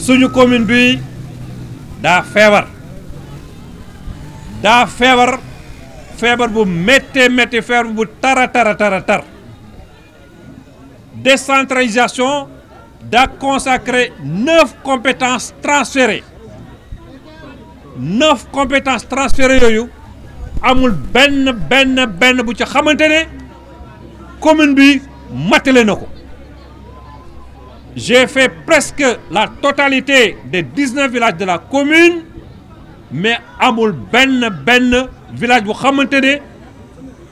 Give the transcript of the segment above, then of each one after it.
suñu commune bi da fait favor, favor, bu bu tara tara tara tar décentralisation da consacré neuf compétences transférées neuf compétences transférées yoyu amul benn benn benn bu ci commune bi j'ai fait presque la totalité des 19 villages de la commune mais Amoul Ben, Ben, village bu xamante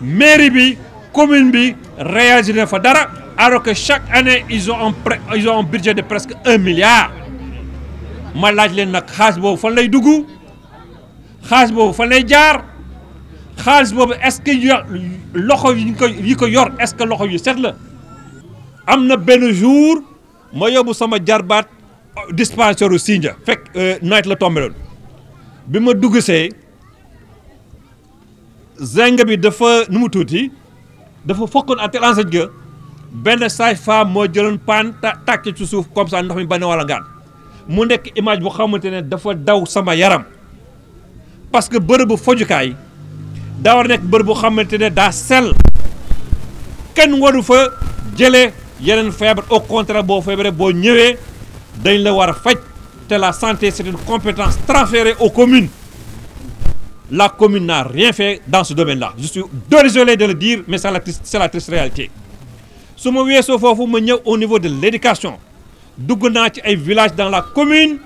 mairie bi commune bi réagir na fa dara alors que chaque année ils ont un ils ont un budget de presque 1 milliard Je laaj leen nag xaalis boobu fan lay dugg khas boobu fa lay jaar khas boobu est-ce que loxo yi ko yi ko yor est-ce que loxo yu set la am jour. ma yóbbu sama jarbaat euh, dispensaire u Sindia fekk euh, nawet la tombé bi ma dugg see zeng bi dafa nu mu tuuti dafa fokkoon ak enseigne ga benn sage-femme moo jëloon paan tàkk ci suuf comme ça ndox mi ba ne wala ngaan mu nekk image bu xamante ne dafa daw sama yaram parce que bërëbu fojukaay daa war nekk bërëb bu xamante ne daa sell kenn waru fa jële une feebar au contraire boo feebaree boo ñëwee dañ la war a faj la santé c'est une compétence transférée aux communes la commune n'a rien fait dans ce domaine-là je suis désolé de le dire mais c'est la triste c'est la triste réalité su ma weesoo foofu ma au niveau de l'éducation dugg naa ci ay dans la commune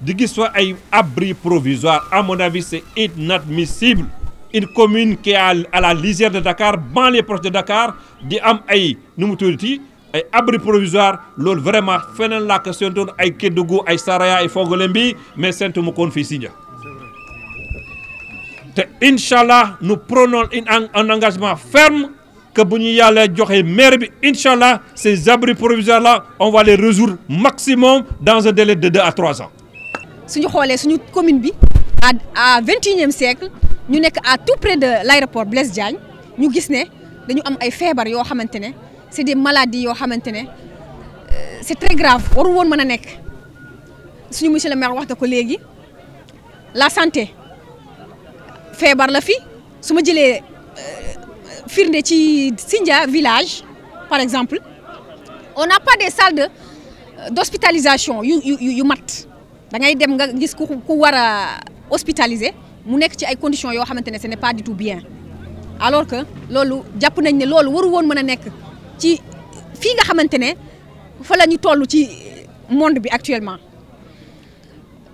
di gis fa ay abris provisoires à mon avis c'est inadmissible une commune qui est à la lisière de Dakar les proche de Dakar di am ay nu mu ay abri provisoire loolu vraiment feneen laa ko séentoon ay Kédougou ay Saraya ay Fongolembi mais séntu mu koon fii Sindia te inshallah Inch'Allah, nous prenons un engagement ferme que bu ñu yàlla joxe maire bi inshallah ces abris provisoires là on va les résoudre maximum dans un délai de 2 à 3 ans. suñu xoolee suñu commune bi à à vingt et siècle ñu nekk à tout près de l'aéroport Blaise Diagne ñu gis ne dañu am ay feebar yoo xamante c'est des maladies yo xamante euh, c'est très grave waru won meuna nek suñu monsieur le maire wax dako légui la santé fièvre la fi suma ma euh, firndé ci sinja village par exemple on n'a pas des salles de euh, d'hospitalisation yu yu yu mat da ngay dem nga gis ku ku war a hospitaliser mu nek ci ay conditions yo xamantene ce n'est pas du tout bien alors que lolu japp nañ ne lolu waru won meuna nek ci fi nga xamantene ne fa lañu tollu ci monde bi actuellement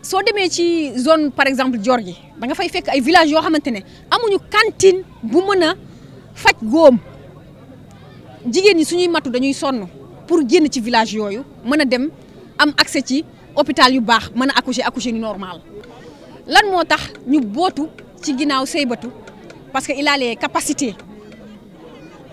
so demee ci zone par exemple Djorgui da nga fay fekk ay villages yo xamantene amuñu cantine bu mën fajj gom jigéen ñi suñuy matu dañuy sonu pour génn ci village yoyu mën dem am accès ci hôpital yu bax mën accoucher accoucher ni normal lan moo tax ñu botu ci ginnaaw Seybatou parce que il a les capacités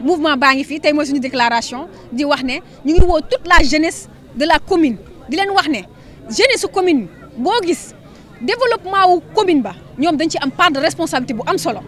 mouvement baa ngi une déclaration di wax ne ñu ngi toute la jeunesse de la commune di leen wax jeunesse commune boo gis développement wu commune ba ñoom dañ ci am part de responsabilité bu am solo